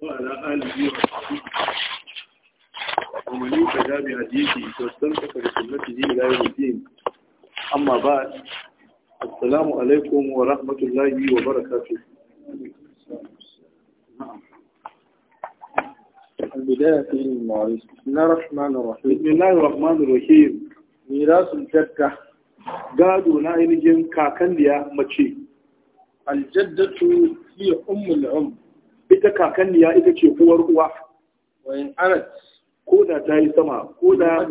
wa'ala alihi wa sahbihi wa man yuqada bi hadithi tasallu fi sunnati dini la yudin amma ba'd assalamu alaykum wa rahmatullahi wa barakatuh البداية في المعارض بسم الله الرحمن الرحيم بسم الله الرحمن الرحيم ميراث الجدة قادوا نائل جنكا كان ليا مجي الجدة هي أم العمر ita kakanniya ita ce uwar uwa wayan arat ko da ta yi sama ko da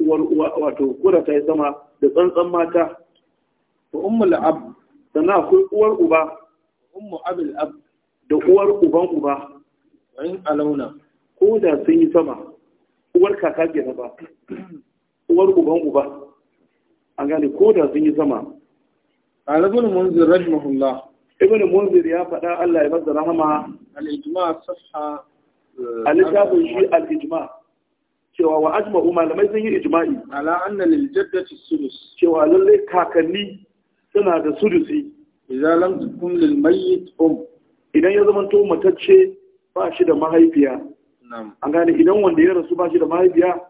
uwar uwa wato ko da ta yi sama da tsantsan mata to ummul ab na akwai uwar uba ummu abil ab da uwar uban uba wayan alauna ko da sun yi sama uwar kaka ke ba uwar uban uba an gane ko da sun yi sama alabul munzir rahimahullah ibn munzir ya faɗa Allah ya masa rahama al-ijma safha eh, al-kitabun shi al-ijma cewa wa ajma'u malamai sun yi ijma'i ala anna lil jaddati sudus cewa lalle kakanni suna da sudusi idan lam tukun lil mayyit um idan ya zama to matacce ba shi da mahaifiya na'am an gane idan wanda ya rasu ba shi da mahaifiya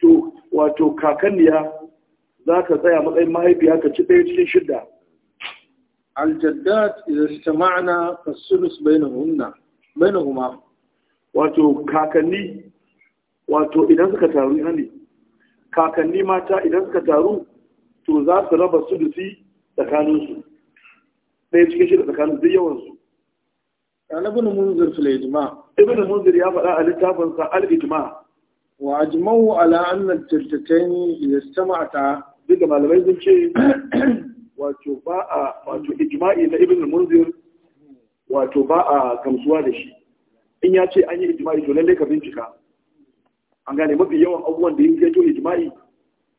to wato kakanniya za ka tsaya matsayin mahaifiya ka ci ɗaya cikin shidda aljaddat idan istama'na fasulus bainahunna bainahuma wato kakanni wato kakanni mata idan suka taru to za su raba sulusi tsakaninsu ɗaya cikin shida tsakanin duk yawansu ibn munzir fil ijma ibn munzir ya faɗa a littafin sa al ijma wa ajma'u ala anna al-jaltatayn idha istama'ata duka malamai sun ce wato ba a wato ijma'i na ibn munzir wato ba a gamsuwa da shi in ya ce an yi ijma'i to lallai ka bincika an gane mafi yawan abubuwan da yake to ijma'i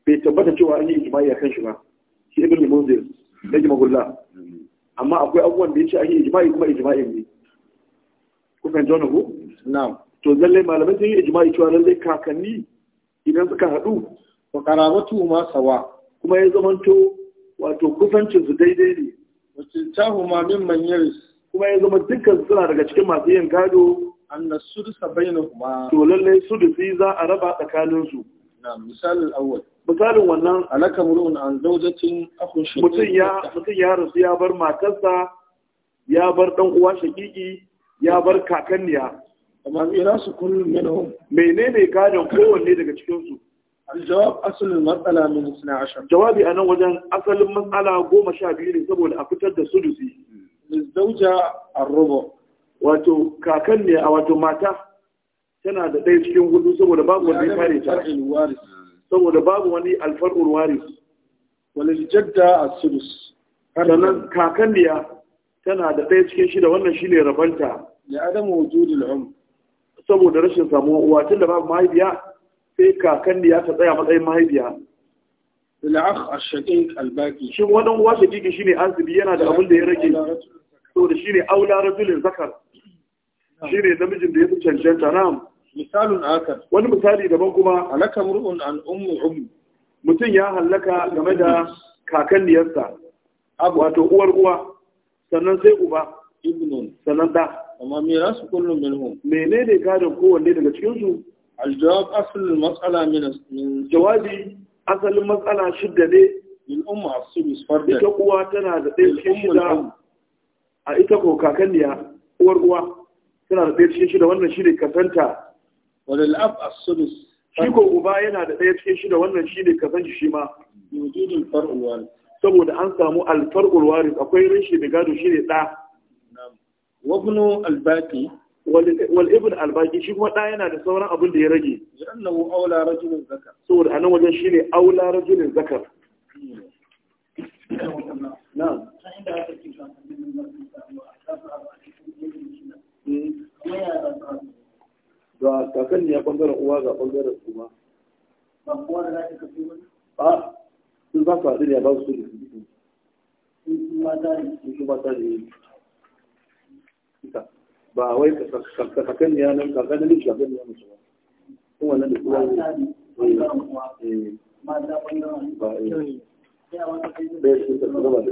bai tabbata cewa an yi ijma'i a kan shi ba shi ibn munzir da jimagullah amma akwai abubuwan da ya ce an yi ijma'i kuma ijma'i ne kan jona ku na'am to lallai malamai sun yi ijma'i cewa lallai kakanni idan suka haɗu wa qarabatu ma sawa kuma ya zamanto wato kusancin su daidai ne wacin tahu ma min manyaris kuma ya zama dukkan suna daga cikin masu yin gado anna bayanin kuma to lalle sudusi za a raba tsakanin su na misalin awwal misalin wannan alaka murun an zawjatin akhun shi mutum ya mutum ya rasu ya bar matarsa ya bar dan uwa shakiki ya bar kakanniya amma ina su kullum minhum menene gadon kowanne daga cikin su الجواب أصل المسألة من 12 جوابي أنا وجن أصل المسألة قوم شابير سبب أفتد السدسي للزوجة الربع wato kakan ne a wato mata tana da ɗaya cikin hudu saboda babu wani kare ta saboda babu wani alfar'ul waris walil jadda as-sudus sannan kakan ne tana da ɗaya cikin shida wannan shine rabanta ya adamu wujudul um saboda rashin samuwa uwa tunda babu mahaifiya sai kakan da ya ta tsaya matsayin mahaifiya la'akh a shaƙin albaki. shin wadan uwa shaqiqi shine azibi yana da abin da ya rage So da ne aula rajulin zakar ne namijin da ya fi cancanta na'am misalun akar wani misali daban kuma halaka mur'un an ummu ummu mutum ya halaka game da kakanniyarsa wato uwar uwa sannan sai uba ibnun sannan da amma su kullum hu. menene gadon kowanne daga cikinsu? الجواب asalin المسألة من من جوابي أصل المسألة شدة ليه؟ من أم السدس فردا إذا قوة تنا دقيق شدة إذا قوة كاكنيا أور قوة تنا دقيق شدة وانا شدة كفنتا uba yana da ɗaya cikin shida wannan shi ne kasan shi saboda an samu al far'ul akwai rashi da gado shi ne ɗa wabnu albaqi والابن الباقي shi kuma da yana da sauran abin da ya rage annahu aula rajulin zakar saboda anan wajen shine aula rajulin zakar na'am da kakan ne ya uwa ga bangaren uwa ba kuwa da zaka kafi ba? sun za su haɗu ne ba su da su mata ne su mata ba wai ka kakan ya nan ka ganin shi gaban kuma wannan da kuma eh ba ba eh. bai su ba ba ba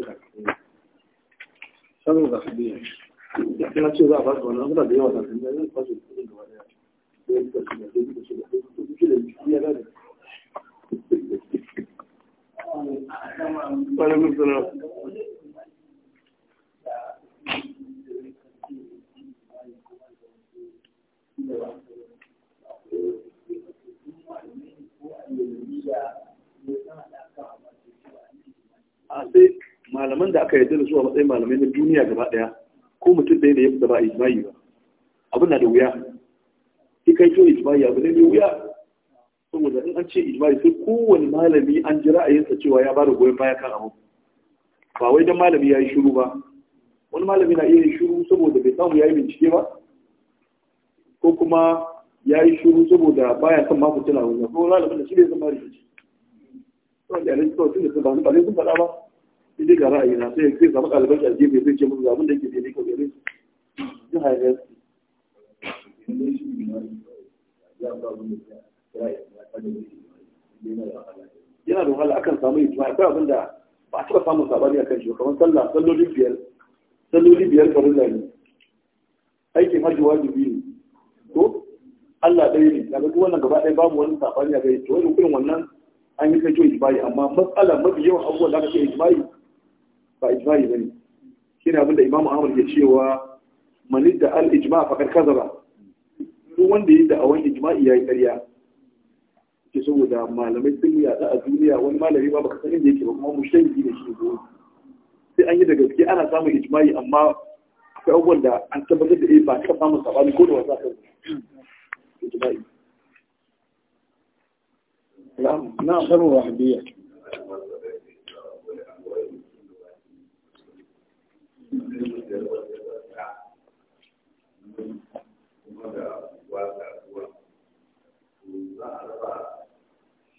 sanin ba ina ce ba a ba su ba da yawa da ba da ba ba kudin ba daya ba ka ba da ba ka ba da ba ba ba ba ba malaman da aka yarda da zuwa matsayin malamai na duniya gaba daya ko mutum ɗaya da ya ba a ijma'i ba abin na da wuya sai kai to ijma'i abu ne mai wuya saboda in an ce ijma'i sai kowane malami an ji ra'ayinsa cewa ya bada goyon baya kan abu ba wai dan malami ya yi shiru ba wani malami na iya yin shiru saboda bai samu ya yi bincike ba ko kuma ya yi shiru saboda baya son mafi tunawa ko malamin da shi bai zama rikici. Wanda ya kawai sun da sun ba sun faɗa ba. sai ga ra'ayi na sai sai zama ɗaliban a gefe sai ce musu ga abin da yake daidai ka gare su duk hanyar su yana da wahala akan samu ijma akwai abin da ba a taɓa samun sabani a kan shi kamar sallah salloli biyar salloli biyar farin da aikin hajji wajibi ne ko Allah ɗaya ne daga duk wannan gaba ɗaya babu wani sabani a gare shi to wani irin wannan an yi kai to ijma'i amma matsala mafi yawan abubuwan da aka ce ijma'i ba ijma'i bane shi ne abinda imam ahmad ke cewa mani da al ijma faqad kazaba duk wanda yi da'awan ijma'i yayi ƙarya ke saboda malamai sun yi yada a duniya wani malami ba baka san da yake ba kuma mushtahidi ne shi ko sai an yi da gaske ana samun ijma'i amma akwai abubuwan da an tabbatar da eh ba ka samun sabani ko da wasa kan ijma'i na'am na'am sharru wahdiyya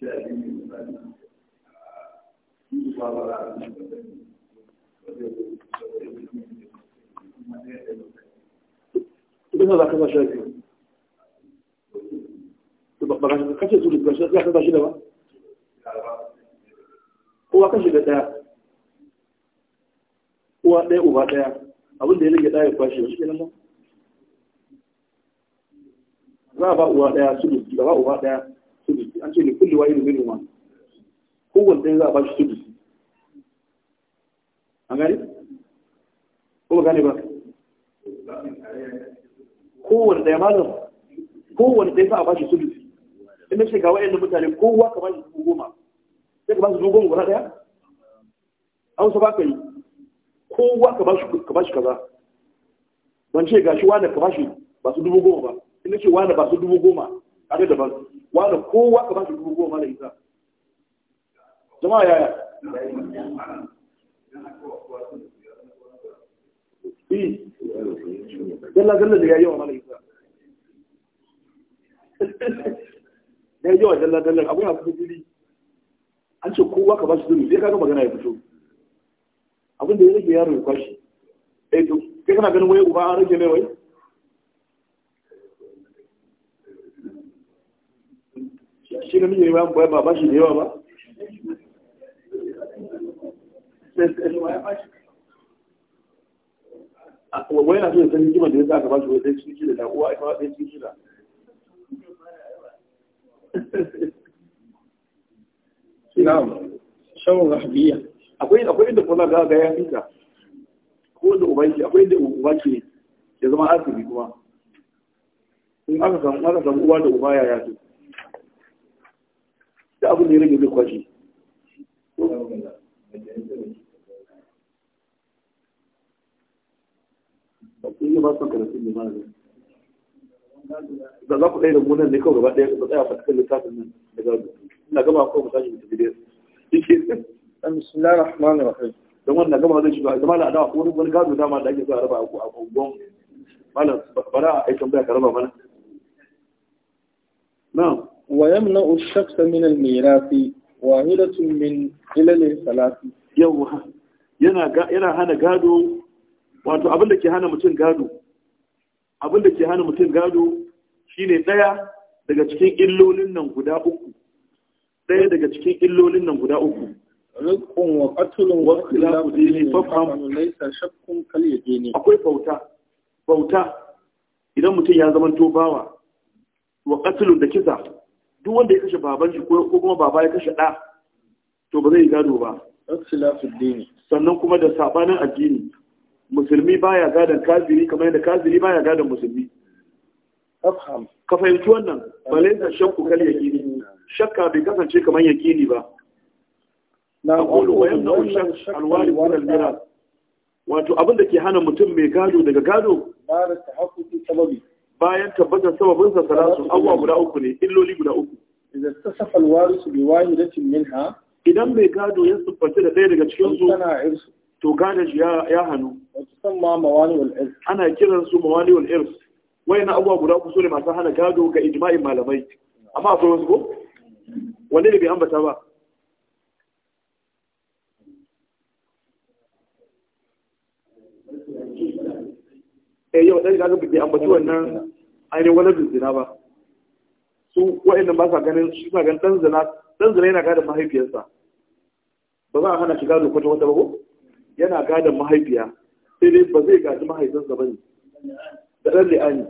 sai ɗaya. Kowa ɗaya uba ɗaya. ya rage ɗaya ya kwashe kenan ba? Za ba uwa ɗaya su ba uba ɗaya an ce likulli wa irin minhu ma kowanne ɗaya za a ba shi tudu an gani ko ba gane ba kowanne ɗaya malam kowanne ɗaya za a ba shi tudu in na ce ga wa'yan mutane kowa ka ba shi dubu goma sai ka ba shi dubu goma guda ɗaya hausa ba ka yi kowa ka ba shi kaza ban ce ga shi wanda ka ba shi ba su dubu goma ba in na ce wanda ba su dubu goma abin da ban wani kowa ka ba shi dubu goma da isa jama'a yaya yi galla galla da ya yawa mana isa ya yawa galla galla abu ya fito fili an ce kowa ka ba shi dubu sai kaga magana ya fito abin da ya rage yaro ya kwashi eh to kai kana ganin wai uba an rage mai wai shi da mijin bayan bayan yawa ba wai na so ya san akwai yake akwai da abin da ya rage zai kwashe da za ku ɗaya da munan ne kawai gaba ɗaya ku tsaya fatakan littafin nan da gado ina gama kawai mutashi mutu bidiyar yake bismillah rahman rahim don wannan gama zai shiga zama da adawa wani wani gado dama da ake so a raba a gungun malam bara a aikin baya ka raba mana na'am ويمنع الشخص من الميراث واحدة من خلال ثلاث يوه ينا yana هنا gado wato abin da ke hana mutum gado abin da ke hana mutum gado shine daya daga cikin illolin nan guda uku daya daga cikin illolin nan guda uku rizqun wa qatlun wa khilafu dini fafham laysa shakkun kal yadini akwai bauta bauta idan mutum ya zama to bawa wa qatlun da kisa duk wanda ya kashe baban shi ko kuma baba ya kashe ɗa to ba zai gado ba sannan kuma da sabanin addini musulmi baya gadon kafiri kamar yadda kafiri baya gadon musulmi ka fahimci wannan balaysa shakku kal yaqini shakka bai kasance kamar yaqini ba na qulu wa yamna'u shakk alwari min almiras wato abin da ke hana mutum mai gado daga gado ba da tahaqquqi sababi bayan tabbatar sababinsa salatu abuwa guda uku ne illoli guda uku idan safa alwarisu bi wahidatin minha idan bai gado ya siffanta da ɗaya daga cikin su to gada ya ya hannu musamma mawani wal irs ana kiran su mawani wal irs na abuwa guda uku su ne masu hana gado ga ijma'in malamai amma akwai wasu ko wanda ne bai ambata ba eh yau dai kaga bai ambaci wannan ainihin wani zina ba su wa'annan ba sa ganin shi sa ganin dan zina dan zina yana gadon mahaifiyarsa ba za a hana shiga da kwata wata ba ko yana gadon mahaifiya sai dai ba zai gaji mahaifinsa ba ne da dan li'ani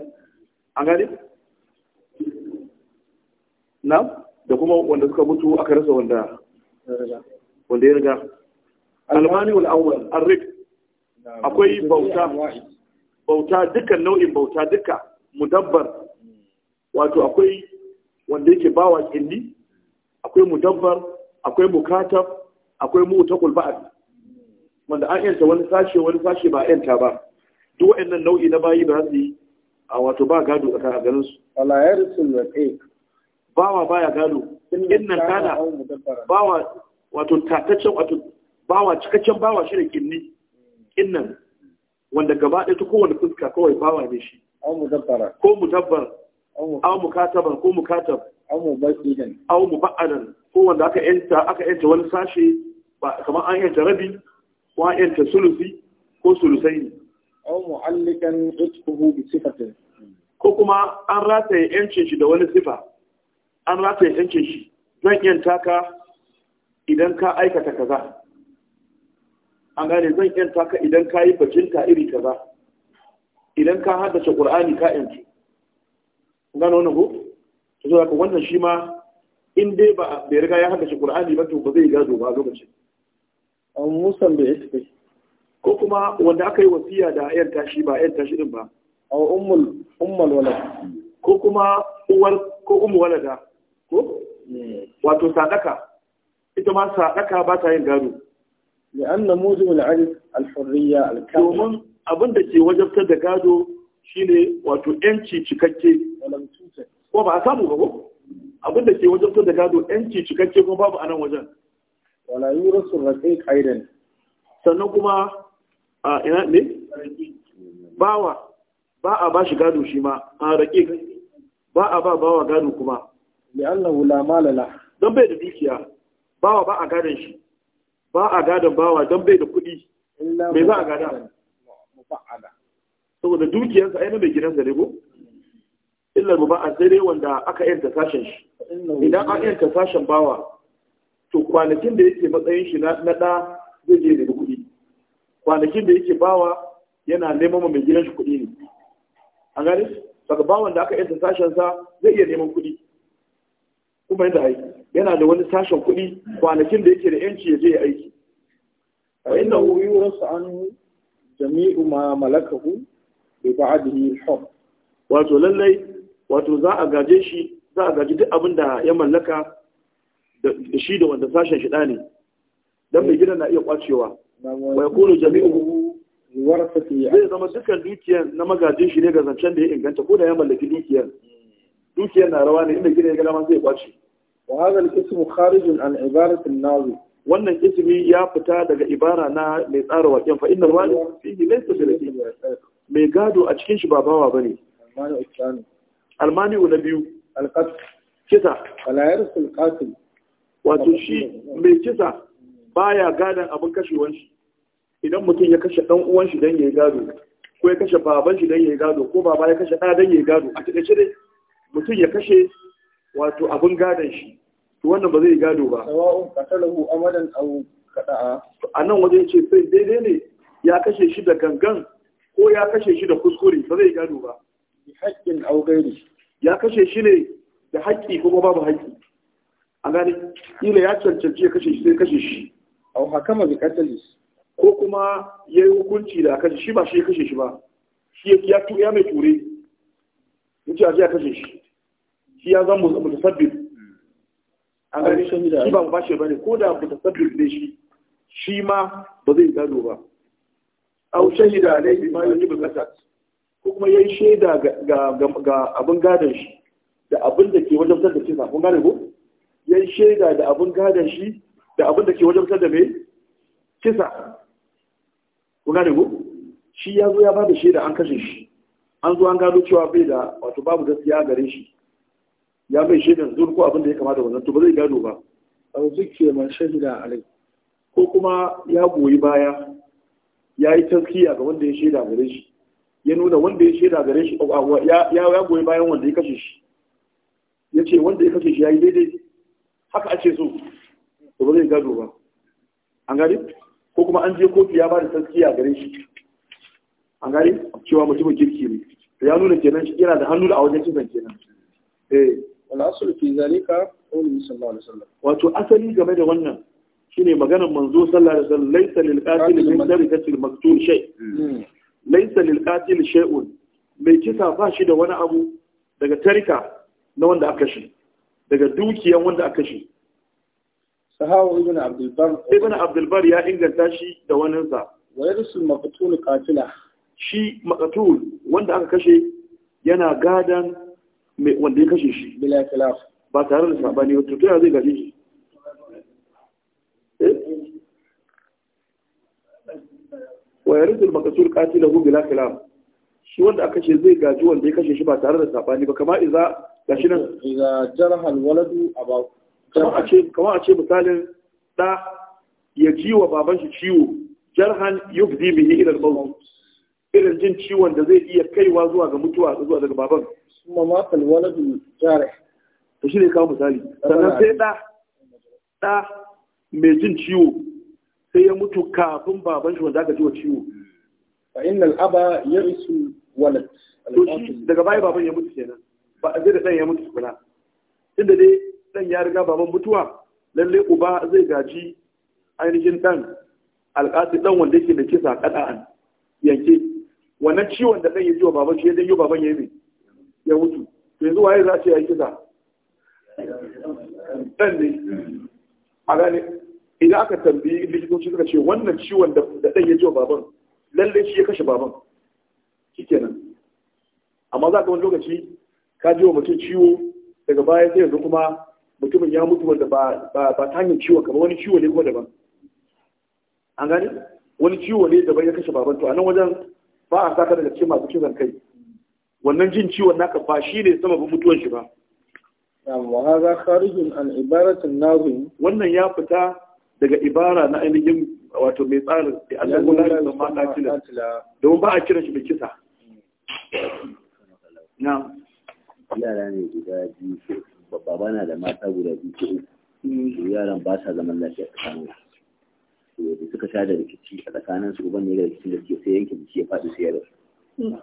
an gane na da kuma wanda suka mutu aka rasa wanda wanda ya riga almani wal awwal arrik akwai bauta bauta dukkan nau'in bauta duka mudabbar wato akwai wanda yake bawa kindi akwai mudabbar akwai mukatab akwai mutakul ba'd wanda an yanta wani sashe wani sashe ba yanta ba duk waɗannan nau'i na bayi ba su yi a wato ba gado a ganin su ala yarsul waqi bawa baya gado innan kana bawa wato tataccen wato bawa cikakken bawa shi da kinni innan wanda gaba ɗaya ta kowane fuska kawai bawa ne shi aw mudabbara ko mudabbar aw mukataban ko mukatab aw mubaddilan aw mubaddalan ko wanda aka yanta aka yanta wani sashe kamar an yanta rabi ko an yanta sulusi ko sulusai ne aw mu'allikan itquhu bi sifatin ko kuma an rataye yancin shi da wani sifa an rataye yancin shi zan yanta ka idan ka aikata kaza an gane zan yanta ka idan ka yi bajinta iri ba. idan ka haddace ƙur'ani ka yanci gano wani ko Ta zo daga wannan shi ma in dai ba bai riga ya haddace ƙur'ani ba to ba zai gado ba lokacin an musan bai isfi ko kuma wanda aka yi wasiya da yan tashi ba yan tashi din ba A ummul wala ko kuma uwar ko ummu walada ko eh. wato sadaka ita ma sadaka ba ta yin gado لأن موجب العرف الحرية الكاملة domin abin da ke wajabtar da gado shine wato yanci cikakke ko ba a samu abin da ke wajabtar da gado yanci cikakke kuma babu anan wajen wala yurasu raqiq aidan sannan kuma a ina ne bawa ba a ba shi gado shi ma a raqiq ba a ba bawa gado kuma li'annahu la mala la dan bai da dukiya bawa ba a gadon shi ba a gadon bawa don bai da kuɗi mai za a gada saboda dukiyarsa ai na mai gidansa ne ko illar mu ba a sai wanda aka yanta sashen shi idan aka yanta sashen bawa to kwanakin da yake matsayin shi na ɗa zai je da kuɗi kwanakin da yake bawa yana neman mai gidan shi kuɗi ne an gani saka bawan da aka yanta sashen sa zai iya neman kuɗi kuma yadda aiki yana da wani sashen kuɗi kwanakin da yake da yanci ya je ya aiki A ina wuri wasu anhu jami'u ma malakahu ba ba'dihi yi hukm wato lallai wato za a gaje shi za a gaji duk abin da ya mallaka da shi da wanda sashen shi ne dan mai gina na iya kwacewa Wai yakunu jami'u warasati zai zama dukkan dukiyar na magajin shi ne ga zancen da ya inganta ko da ya mallaki dukiyar dukiyar na rawa ne inda gina ya gina, ma zai kwace wa hadha al-ism kharijun an ibarat an wannan ismi ya fita daga ibara na mai tsara waƙen fa inna wali fihi laysa bi mai gado a cikin shi ba bawa bane almani na biyu kisa wala yarsul qatil wato shi mai kisa baya gadon abin kashewan shi idan mutum ya kashe dan uwan shi dan yayi gado ko ya kashe baban shi dan yayi gado ko baba ya kashe ɗa dan yayi gado a take dai mutum ya kashe wato abin gadon shi to wannan ba zai gado ba sawa'un qatalahu amadan aw qada'a a nan waje yace sai daidai ne ya kashe shi da gangan ko ya kashe shi da kuskure ba zai gado ba bi haqqin aw ghairi ya kashe shi ne da haƙƙi kuma babu haƙƙi a gani ila ya cancanci ya kashe shi sai kashe shi aw hakama bi qatlis ko kuma ya yi hukunci da kashe shi ba shi ya kashe shi ba shi ya mai ture ya ce a kashe shi shi ya zama mutasabbib an gani shi ba ba shi bane ko da mutasabbib ne shi shi ma ba zai gado ba aw shahida alayhi ma yujibu kasa. ko kuma yayi shaida ga ga abin gadon shi da abin da ke wajen da kisa kun gane ko yayi shaida da abin gadon shi da abin da ke wajen da me kisa kun gane ko shi ya zo ya ba da shaida an kashe shi an zo an gano cewa bai da wato babu gaskiya gare shi ya mai shaidar zuwa ko abin da ya kamata wannan to ba zai gado ba aw zuke man shahida alai ko kuma ya goyi baya ya yi taskiya ga wanda ya shaida gare shi ya nuna wanda ya shaida gare shi ya goyi bayan wanda ya kashe shi ya ce wanda ya kashe shi ya yi daidai haka a ce so to ba zai gado ba an gari ko kuma an je kofi ya ba da taskiya gare shi an gari cewa mutumin kirki ne ya nuna kenan yana da hannu da a wajen kisan kenan eh wal aslu fi zalika صلى الله عليه وسلم wato asali game da wannan shine maganar manzo sallallahu alaihi wasallam laysa lil qatil min darikatil maqtul shay hmm. laysa lil qatil shay'un mai kisa ba shi da wani abu daga tarika na wanda aka shi daga dukiyan wanda aka shi sahawa ibn abdul bar ibn abdul bar ya inganta shi da wani sa wa yarsul maqtul qatila shi maqtul wanda aka kashe yana gadan wanda ya kashe shi ba tare da sabani ba tuya zai gaji shi eh? wa makasur kati da qatilahu bila khilaf shi wanda aka ce zai gaji wanda ya kashe shi ba tare da sabani ba iza ga shi nan iza jaraha waladu a ce kama a ce misalin da ya ji wa baban shi ciwo jarhan yufdi bihi ila al-maut irin jin ciwon da zai iya kaiwa zuwa ga mutuwa zuwa daga baban kuma shi ne kawo misali sannan sai ɗa ɗa mai jin ciwo sai ya mutu kafin baban shi wanda aka ji wa baban ya mutu kenan ba a zai da ɗan ya mutu kula? inda dai ɗan ya riga baban mutuwa lalle uba zai gaji ainihin ɗan alƙasi ɗan wanda yake da kisa ƙasa'an yanke wannan ciwon da ɗan ya ji wa baban shi ya janyo baban ya yi mai ya mutu to yanzu waye za a ce ya yi kisa dan ne a gane idan aka tambayi likitoci suka ce wannan ciwon da dan ya ji baban lallai shi ya kashe baban shikenan amma za ka wani lokaci ka ji wa mutum ciwo daga baya sai yanzu kuma mutumin ya mutu wanda ba ta hanyar ciwo kamar wani ciwo ne kuma daban an gane wani ciwo ne daban ya kashe baban to a nan wajen ba a saka daga cikin masu kisan kai wannan jin ciwon naka ba shi ne sama ba mutuwan shi ba Amma haza kharijun an ibarat an-nazim wannan ya fita daga ibara na ainihin wato mai tsarin da Allah ya yi da mata kila don ba a kira shi da kisa na yara ne guda biyu babba na da mata guda biyu ko yaran ba sa zaman lafiya tsakanin su suka sha da rikici a tsakanin su uban ne ga rikicin da ke sai yanke jiki ya faɗi sai ya rasu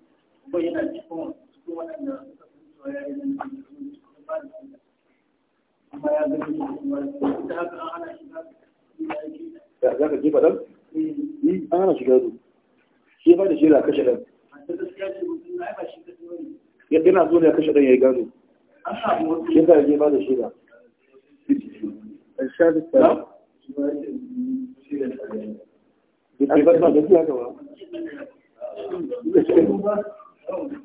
kuma yana cikin cikin waɗanda suka fito ya yi nan amma ya gani kuma da haka ya za jefa ɗan? an hana shiga su shi ba da shi eh. da kashe ɗan yana zo ne ya kashe ɗan ya yi gano shi ka yi ba da shi da الشهادة da بالعبادة ما جدي هذا to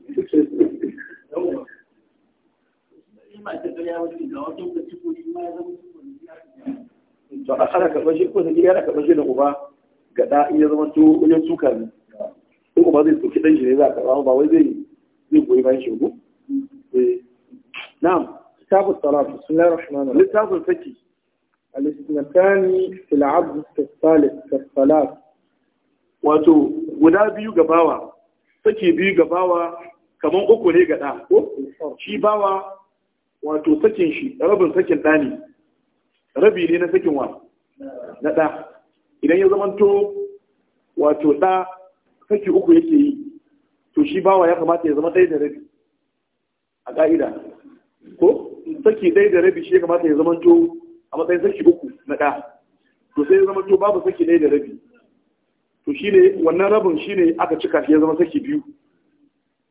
a ana karɓar shi ko sai yana karɓar shi da uba ga in ya zama to wajen tuka ne in uba zai tuki dan shi ne za a karɓa ba wai zai zai goyi bayan shi ko eh. na'am kitabu salat bismillahir rahmanir rahim littafin saki al-ithnatani fil 'abd as-salih wato guda biyu ga bawa saki biyu ga bawa kamar uku ne ga ɗa ko shi bawa wato sakin shi rabin sakin ɗa ne rabi ne na sakin wa na ɗa idan ya zamanto wato ɗa saki uku yake yi to shi bawa ya kamata ya zama ɗaya da rabi a ƙa'ida ko saki ɗaya da rabi shi ya kamata ya zamanto a matsayin saki uku na ɗa to sai ya zamanto babu saki ɗaya da rabi to ne wannan rabin shi ne aka cika shi ya zama saki biyu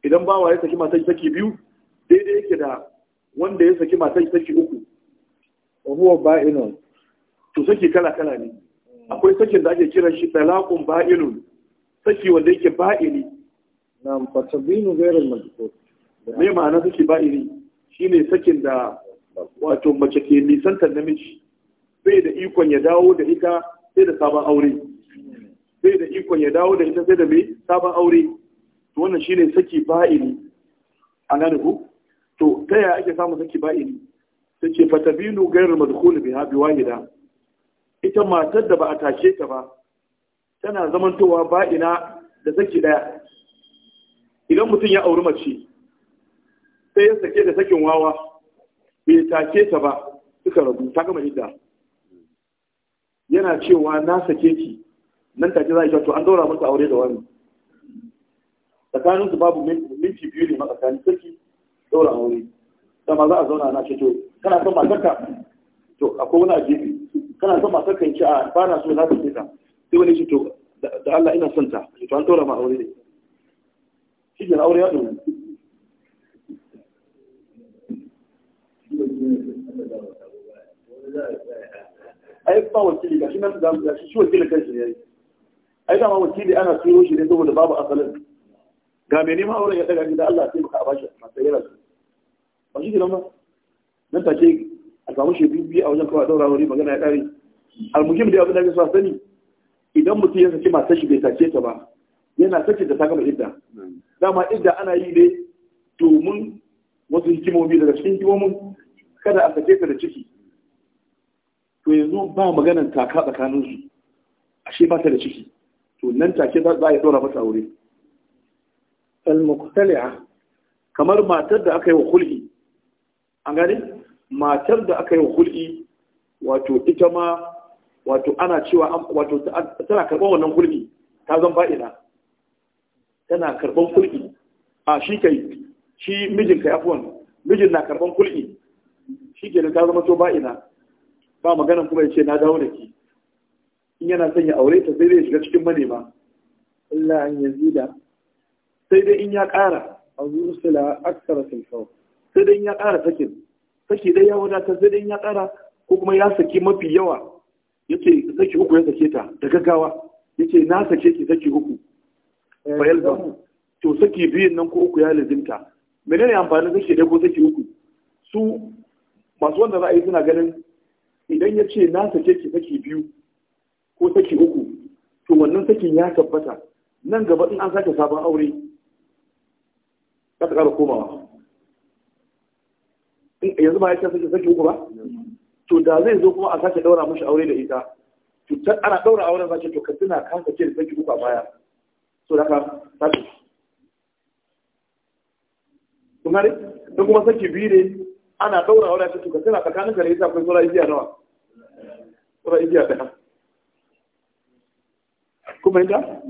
idan bawa ya saki masai saki biyu daidai yake da wanda ya saki masai saki uku wa huwa ba'inun to saki kala kala ne akwai sakin da ake kiran shi talaqun ba'inun saki wanda yake ba'ini na fatabinu ghairul mazkur Mai ma'ana saki ba'ini shine sakin da wato mace ke nisantar namiji bai da ikon ya dawo da ita sai da sabon aure Zai da ikon ya dawo da ita sai da mai sabon aure to wannan shine saki fa'ili an gane ku to ta yaya ake samun saki fa'ili ta ce fatabinu gairar madkhul biha bi wahida ita matar da ba a tashe ta ba tana zamantowa ba'ina da saki daya idan mutum ya auri mace sai ya sake da sakin wawa bai take ta ba suka rabu ta gama idda yana cewa na sake ki nan take za a yi to an daura masa aure da wani tsakanin su babu minti biyu ne tsakanin sarki daura aure Sama za a zauna na ce to kana son matarka to akwai wani a kana son matarka in ce a ba so na ta ta sai wani ce to da Allah ina son ta to an daura ma aure ne shi ke aure ya dole ai ba wakili ga shi nan da shi wakilin kanshi ne ai dama wakili ana siyo shi ne saboda babu asalin ga mai neman auren ya daga gida, Allah sai a bashi masu yara. su ba shi gidan ba nan take a samu shi biyu a wajen kawai daura wuri magana ya kare almuhim da abin da ya sani idan mutum ya saki masu shi bai sace ta ba yana sace ta ta gama idda dama idda ana yi ne domin wasu hikimomi daga cikin hikimomin kada a sake ta da ciki to yanzu ba maganan taka tsakaninsu ashe ba ta da ciki to nan take za a yi ɗora masa aure al-muqtali'a kamar matar da aka yi wa hul'i an gane matar da aka yi wa hul'i wato ita ma wato ana cewa wato tana karɓar wannan hul'i ta zan fa'ida tana karɓar hul'i a shi kai shi mijin ka yafuwan mijin na karɓar hul'i shi ke ta zama to ba'ina ba maganan kuma ya ce na dawo da ki in yana son ya aure ta sai zai shiga cikin manema illa an yazida sai dai in ya ƙara a rusula aksara filfau sai dai in ya ƙara sakin saki dai ya ta sai dai in ya ƙara ko kuma ya saki mafi yawa ya ce saki uku ya sake ta da gaggawa ya ce na sake ki saki uku bayal eh, ba to saki biyun nan ko uku ya lazimta menene amfanin saki dai ko saki uku su masu wanda za a yi suna ganin idan ya ce na sake ki saki biyu ko saki uku to wannan sakin ya tabbata nan gaba in an sake sabon aure za ta ƙara komawa yanzu ba ya ce sake saki uku ba to da zai zo kuma a sake ɗaura mashi aure da ita to ana ɗaura auren za ce to ka tuna ka ce da saki uku a baya so da ka sake kuma ne da kuma saki biyu ne ana ɗaura auren ta to ka tuna tsakanin ka da ita akwai sura igiya nawa sura igiya ɗaya kuma yanda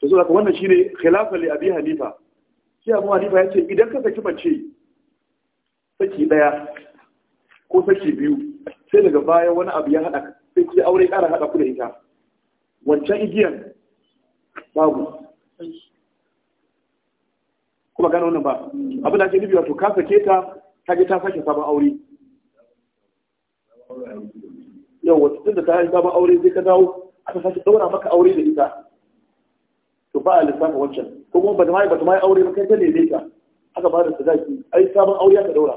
to so daga wannan shine khilafa li abi hanifa shi abu hanifa yace idan ka saki mace saki daya ko saki biyu sai daga baya wani abu ya hada sai ku aure ƙara hada ku da ita wancan igiyan babu kuma gano wannan ba abin da ake nufi wato ka sake ta ta ta sake sabon aure yau wata tun da ta yi sabon aure zai ka dawo aka sake daura maka aure da ita to ba a lissafa wancan ko kuma ba ta mai ba ta mai aure maka kai ta neme ta aka ba da sadaki ai sabon aure aka ɗaura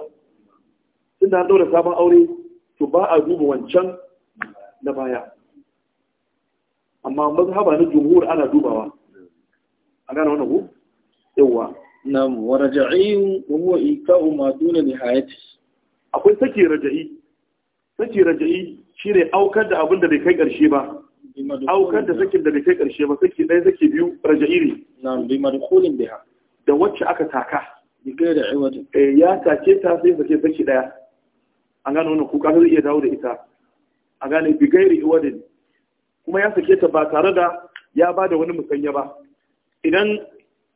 tun da an daura sabon aure to ba a duba wancan na baya amma mazhaba na jumhur ana dubawa a gane wannan ku yawwa nam wa raja'i wa huwa ika'u ma duna nihayati akwai saki raja'i saki raja'i shine aukar da abin da bai kai karshe ba aukar da sakin da bai kai karshe ba saki ɗaya saki biyu raja'iri na'am bi madkhulin biha da wacce aka taka bi gairi iwaji eh ya take ta sai sake saki ɗaya an gano wannan kuka, kaga zai iya dawo da ita a gane bi gairi iwaji kuma ya sake ta ba tare da ya ba da wani musanya ba idan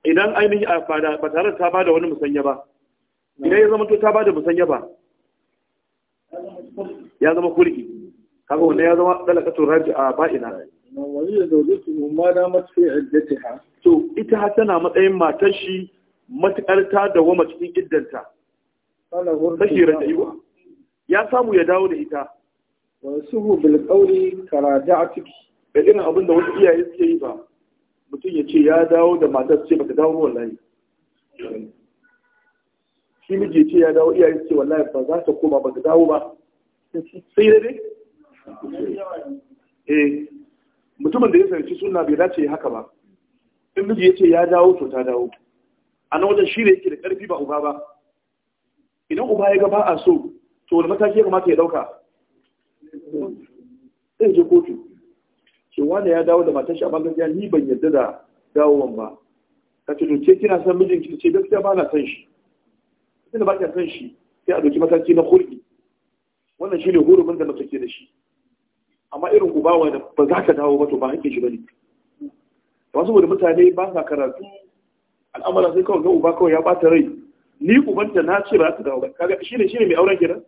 idan ainihin ba tare da ta ba da wani musanya ba idan ya zama to ta ba da musanya ba ya zama kulki kaga wannan ya zama dalakatu raji a ba'ina wani da zaujatu ma da matsayi iddatiha to ita tana matsayin matar shi matukar ta dawama cikin iddanta take ya samu ya dawo da ita wa suhu bil qawli karaja'atuki da irin abin da wasu iyaye suke yi ba mutum ya ce ya dawo da matar ce baka dawo wallahi shi miji ce ya dawo iyaye suke wallahi ba za ta koma ba ta dawo ba sai dai eh mutumin da ya sarki suna bai dace haka ba in miji ya ce ya dawo to ta dawo a nan wajen shi ne yake da ƙarfi ba uba ba idan uba ya ga ba a so to wani mataki ya kamata ya ɗauka zai je kotu ce wanda ya dawo da matar shi amma gaskiya ni ban yarda da dawowan ba ka ce to kina son mijin ki ce gaskiya ba na son shi kina ba ki san shi sai a doki mataki na hulɗi wannan shi ne hurumin da mace ke da shi amma irin bawa da ba za ka dawo ba to ba hakkin shi bane ba saboda mutane ba sa karatu al'amara sai kawai ga uba kawai ya bata rai ni ta na ce ba za ta dawo ba kaga shine shine mai auren kenan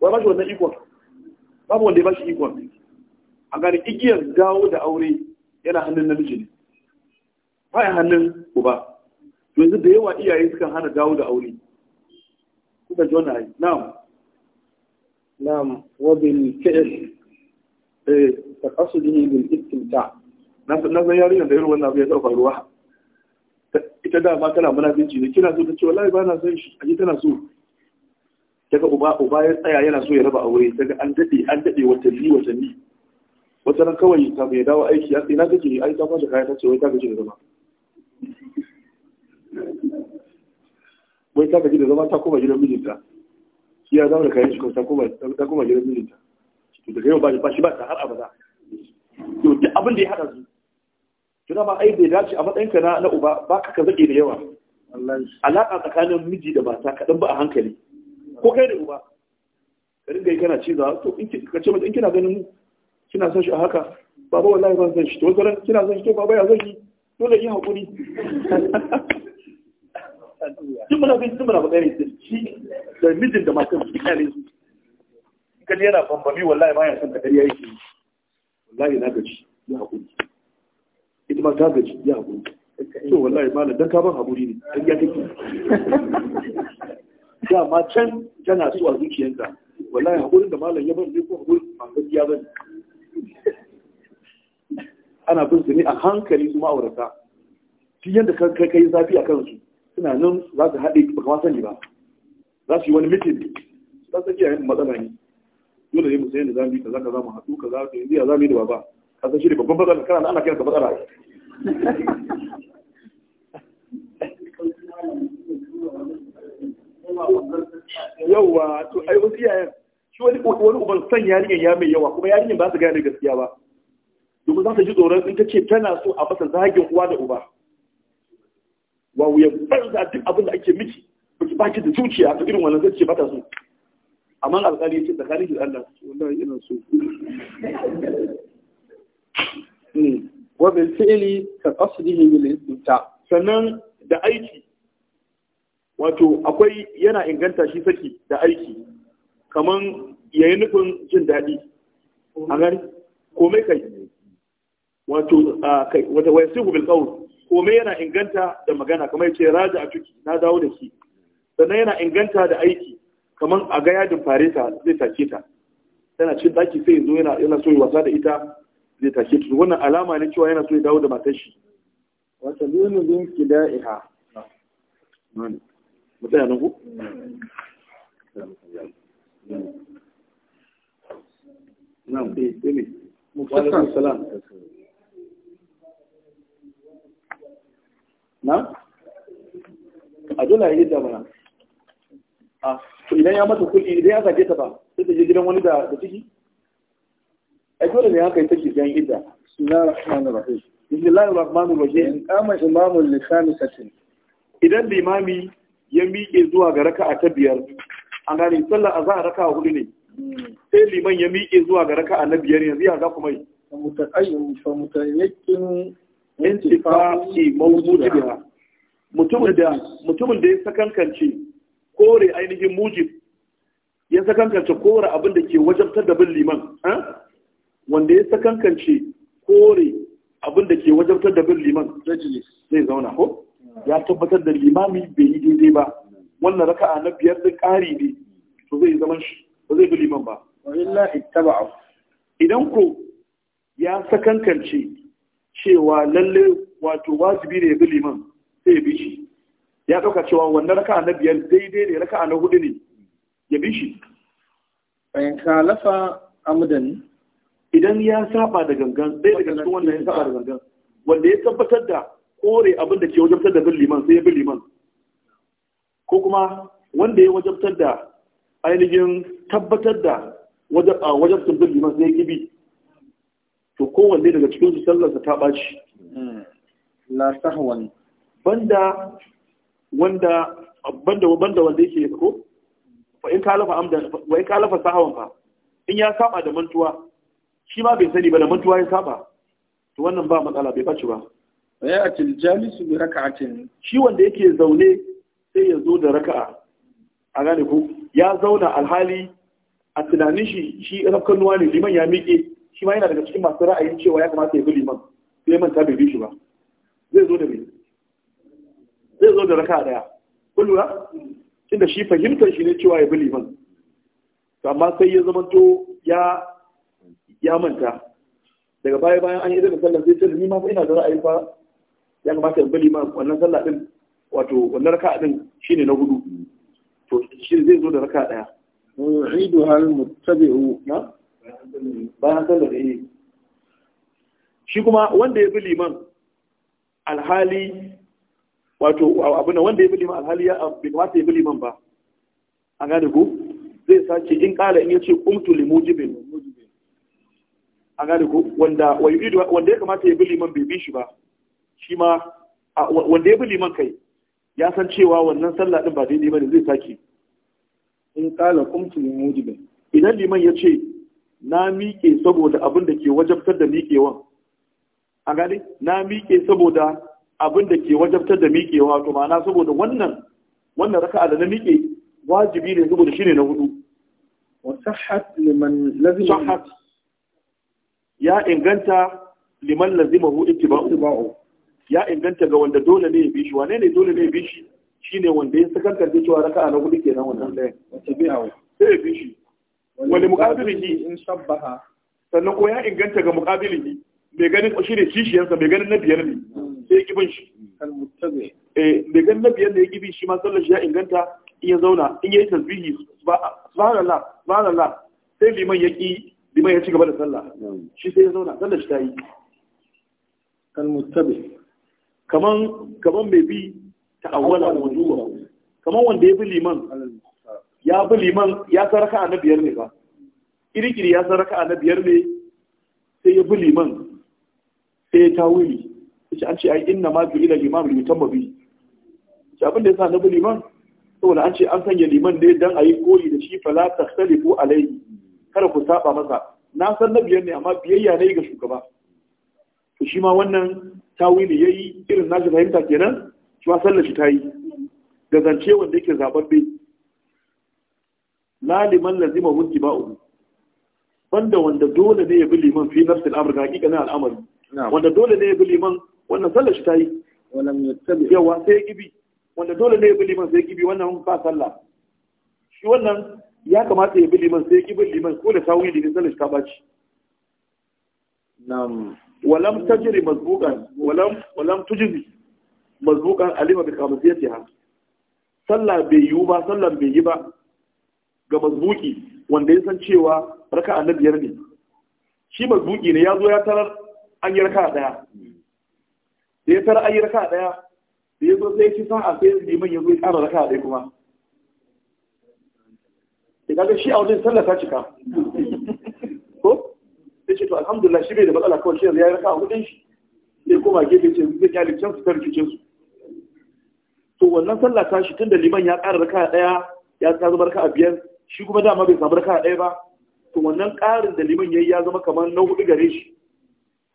wai ba shi wannan ikon babu wanda ya ba shi ikon a gane igiyar dawo da aure yana hannun namiji ne baya hannun uba yanzu da yawa iyaye sukan hana dawo da aure kuka jona na'am na'am wabin bil تقصده eh, بالاستمتاع kasu dihi bil istimta na san yarinyar da ita da ma tana munafici ne kina so ta ce wallahi ba na son shi aje tana so daga uba uba ya tsaya yana so ya raba aure daga an dade an dade watanni watanni wata ran kawai ta ya dawo aiki a sai na gaji ai ta kwashe kaya ta ce wai ta gaji da zama wai ta gaji da zama ta koma gidan mijinta shi ya zama da kayan shi ta koma gidan mijinta daga yau ba shi ba ta har abada Yau duk abin da ya hada su tuna ba ai bai dace a matsayinka na na uba ba ka zage da yawa alaƙa tsakanin miji da mata kaɗan ba a hankali ko kai da uba ka ringa yi kana ciza to in ka ce mata in kina ganin kina son shi a haka baba wallahi ban san shi to wata kina son shi to baba ya son shi dole yi haƙuri tun muna bin tun muna bakare da shi da mijin da matan su kyale su kaji yana bambami wallahi bayan son kadari yayi ke wallahi na gaji ya hakuri ita ma ta gaji ya hakuri to wallahi malam dan ka ban hakuri ne dan ya kake da ma can tana so a zuciyarka wallahi hakurin da malam ya ban ne ko hakurin ba gaskiya ba ne ana bin su ne a hankali su ma'aurata shi yadda kai kai zafi a kansu suna nan za su haɗe ba kama sani ba za su yi wani mitin za su iya yin matsala ne dole ne mu sai da zamu kaza kaza mu haɗu kaza to yanzu ya zamu da baba ka san shi da babban bazara kana ana kiran ka bazara yawa to ai wasu iyayen shi wani wani uban san yarinyar ya mai yawa kuma yarinyar ba su gane gaskiya ba domin za ta ji tsoron in ta ce tana so a masa zagin uwa da uba wa wuyan banza duk abin da ake miki ba ki da zuciya ta irin wannan zai ce ba ta so amma alƙali ya ce tsakanin shi da Allah wallahi ina so hmm. wa bil fi'li ka qasdihi min al-istimta sannan da aiki wato akwai yana inganta shi saki da aiki kaman yayi nufin jin daɗi a gani komai kai wato kai wata wasihu bil qawl komai yana inganta da magana kamar ce raja a ciki na dawo da shi sannan yana inganta da aiki kamar a ga yadin fare ta zai take ta tana cin daki sai yanzu yana yana so ya wasa da ita zai take ta wannan alama ne cewa yana so ya dawo da matar shi wata tabilu bin kida'iha mun nan eh, eh, salam na a dole yi da mana to idan ya mata kuɗi idan ya zage ta ba sai ta je gidan wani da da ciki ai dole ne haka take gidan idda bismillahir rahmanir rahim bismillahir rahmanir rahim in qama imamu li khamisatin idan limami ya miƙe zuwa ga raka'a ta biyar an gane sallar a raka'a hudu ne sai liman ya miƙe zuwa ga raka'a na biyar yanzu ya ga kuma yi mutumin da mutumin da ya sakankance kore ainihin mujib ya sakankance kore abin da ke wajabtar da bin liman wanda ya sakankance kore abin da ke wajabtar da bin liman zai zauna ko ya tabbatar da limami bai yi daidai ba wannan raka'a na biyar din ƙari ne to zai zama shi ba zai bi liman ba idan ko ya sakankance cewa lalle wato wajibi ne ya bi liman sai ya bi shi ya ɗauka cewa wannan raka'a na biyar daidai ne raka'a na hudu ne ya bi shi in kalafa amdan idan ya saba da gangan sai daga cikin wannan ya saba da gangan wanda ya tabbatar da kore abin da ke wajabtar da bin liman sai ya bi liman ko kuma wanda ya wajabtar da ainihin tabbatar da wajabtar bin liman sai ya kibi to kowanne daga cikin su sallarsa ta ɓaci hmm. la sahwan banda wanda banda banda wanda yake ko fa in kalafa amdan wa in kalafa sahawan fa in ya saba da mantuwa shi ma bai sani ba da mantuwa ya saba to wannan ba matsala bai baci ba ya a jalisu bi raka'atin shi wanda yake zaune sai ya zo da raka'a a gane ko ya zauna alhali a tunanin shi shi nuwa ne liman ya miƙe shi ma yana daga cikin masu ra'ayin cewa ya kamata ya bi liman sai manta bai bi shi ba zai zo da mai zai zo da raka daya kullu tunda shi fahimtar shi ne cewa ya bi liman amma sai ya to ya ya manta daga baya bayan an yi da sallar sai ce ni ma fa ina da ra'ayi fa ya kamata in bi liman wannan sallah din wato wannan raka din shine na hudu to shi zai zo da raka daya yu'idu hal muttabi'u na bayan sallar eh shi kuma wanda ya bi liman alhali wato abin wanda ya bi liman alhali ya bai kamata ya bi liman ba A gane ko zai sace in kala in yace kumtu li mujibin A gane ko wanda wanda ya kamata ya bi liman bai bi shi ba shi ma wanda ya bi liman kai ya san cewa wannan sallah din ba daidai bane zai sake in kala kumtu li mujibin idan liman ya ce na miƙe saboda abin da ke wajabtar da miƙewan A gane na miƙe saboda abin da ke wajabtar da miƙewa to ma'ana saboda wannan wannan raka'a da na miƙe wajibi ne saboda shine na hudu wa sahhat liman lazima sahhat ya inganta liman lazima hu ittiba'u ya inganta ga wanda dole ne ya bi shi wane ne dole ne ya bi shi shine wanda ya saka da cewa raka'a na hudu kenan wannan ɗaya wace bi'awu sai ya bi shi wani muqabilihi in sabbaha sannan ko ya inganta ga muqabilihi mai ganin shi ne kishiyarsa mai ganin na biyar ne da ya bin shi eh da gan na nabiyan da ya bin shi ma sallar shi ya inganta in ya zauna in ya yi tasbihi subhanallah subhanallah sai liman ya ki liman ya ci gaba da sallah shi sai ya zauna sallar shi ta yi kal muttabi kaman kaman mai bi ta awwala wujuwa kaman wanda ya bi liman ya bi liman ya saraka a na biyar ne ba kirkiri ya saraka a na biyar ne sai ya bi liman sai ya ta wuli. shi an ce ai inna ma bi ila limam li tamma bi shi abin da yasa na bi liman saboda an ce an sanya liman ne dan ayi koyi da shi la takhtalifu alayhi kada ku saba masa na san na biyan ne amma biyayya ne ga shugaba to shi ma wannan tawili yayi irin nashi fahimta kenan shi ma sallar shi ta yi Ga zance wanda yake zababbe la liman lazima hujji ba'u banda wanda dole ne ya bi liman fi nafsil amr Na al'amari wanda dole ne ya bi liman wannan sallar shi ta yi yawa sai ya gibi wanda dole ne ya bi liman sai ya gibi wannan ba sallah shi wannan ya kamata ya bi liman sai ya gibi liman ko da sawu ne sallar shi ta baci nam walam tajri mazbuqan walam walam tujzi mazbuqan alima bi qamdiyatiha sallah bai yiwu ba sallah bai yi ba ga mazbuki wanda ya san cewa raka'a na biyar ne shi mazbuki ne ya zo ya tarar an yi raka'a daya Sai tara ayi raka daya sai yazo sai ki san a sai liman ya ya kara raka daya kuma da kaga shi a wajen sallah ta cika ko sai ce to alhamdulillah shi bai da matsala kawai shi yanzu ya raka a hudun shi sai koma gefe ce zai ya likin su ta rikicin su to wannan sallah ta shi tunda liman ya kara raka daya ya ta zama raka biyar shi kuma dama bai samu raka daya ba to wannan karin da liman yayi ya zama kamar na hudu gare shi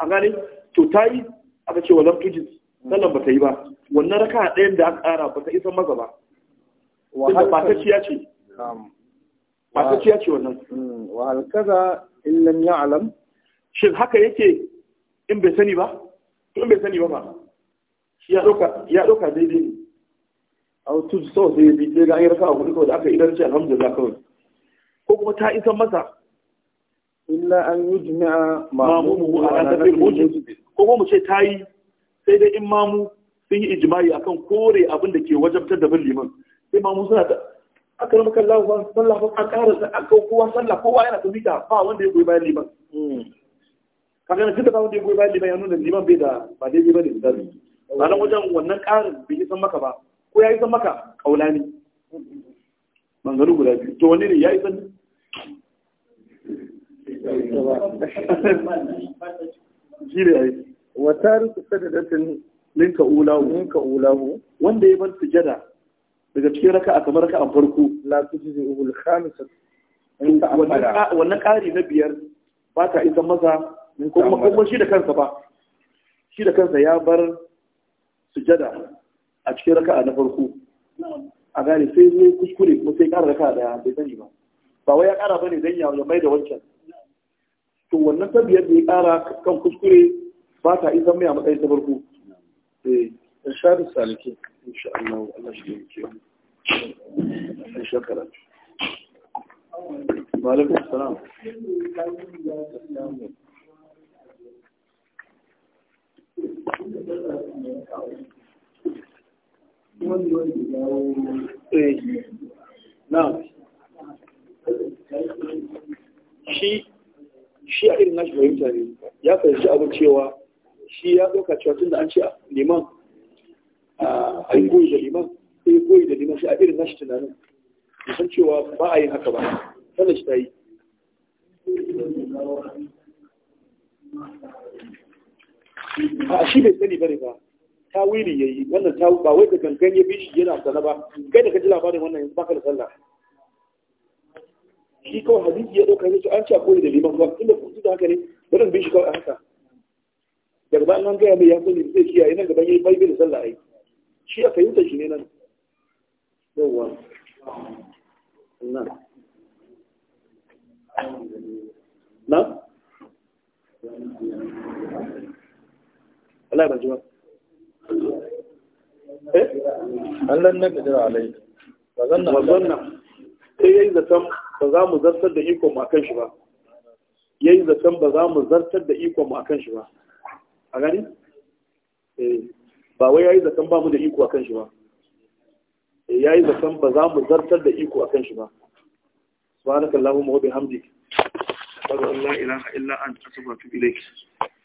a gane to ta yi aka ce walam tujiz sallan ba ta yi ba wannan raka ɗayan da aka ƙara ba ta isa maza ba tunda batacciya ce ciya ce wannan hmm. wa alkaza illan lam ya'lam shin haka yake in bai sani ba in bai sani ba ba ya ɗauka ya ɗauka daidai ne au tujiz sau sai ya bi sai an yi raka a kuɗi kawai da aka idan ce alhamdulillah kawai ko kuma ta isa masa illa an yi jima'a mamumuhu a kasafin hujji ko kuma mu ce ta yi sai dai in mamu sun yi ijimai akan kore abin da ke wajabtar da bin liman sai mamu suna da aka rama kan lafuwan sallah ko an ƙara a kan kowa sallah kowa yana tabita ba wanda ya goyi bayan liman hmm. kaga na ba wanda ya goyi bayan liman ya nuna liman bai da ba dai daidai ba da misali nan wajen wannan ƙarin bai yi san maka ba ko ya yi san maka kaulani manzaru guda biyu to wani ne ya yi san shi ne ai wa tariku sadadatin linka ulahu linka ulahu wanda ya bar sujada daga cikin raka'a kamar raka'an farko la tujzi'u al-khamisah wannan ƙari na biyar ba ta isa masa kuma shi da kansa ba shi da kansa ya bar sujada a cikin raka'a na farko a gane sai zai kuskure kuma sai ƙara raka'a da bai sani ba ba wai ya ƙara bane dan ya mai da wancan to wannan ta da ya kara kan kuskure ba ta isa mai a matsayin ta farko eh, da Allah Allah shi sai shakara wa alaikum eh, shi shi a irin nashi fahimta ne ya fahimci abu cewa shi ya ɗauka cewa tun da an ce liman a yi goyi da liman sai yi goyi da liman shi a irin nashi tunanin san cewa ba a yi haka ba sannan shi ta yi a shi bai sani bane ba tawili yi wannan ba wai da gangan ya bi shi yana sana ba kai da ka ji labarin wannan yanzu baka da sallah shi kawai hadisi ya dauka yace an ce a koyi da liman ba inda ku da haka ne bari in bi shi kawai a haka daga bayan an gaya mai ya sani zai kiyaye nan gaban yayi bai da sallah ai shi a fahimtar shi ne nan yawwa nan na Allah ya ba eh Allah na kadira alai wa zanna sai yi zaton ba za mu zartar da ikon mu akan shi ba Ya yi zaton ba za mu zartar da ikon mu akan shi ba a gani eh ba wai yi zaton ba mu da iko a kan shi ba eh, ya yi zaton ba za mu zartar da iko a kan shi ba Ba na subhanakallahumma wa bihamdik ashhadu an la'ila a illa anta astaghfiruka wa atubu ilayk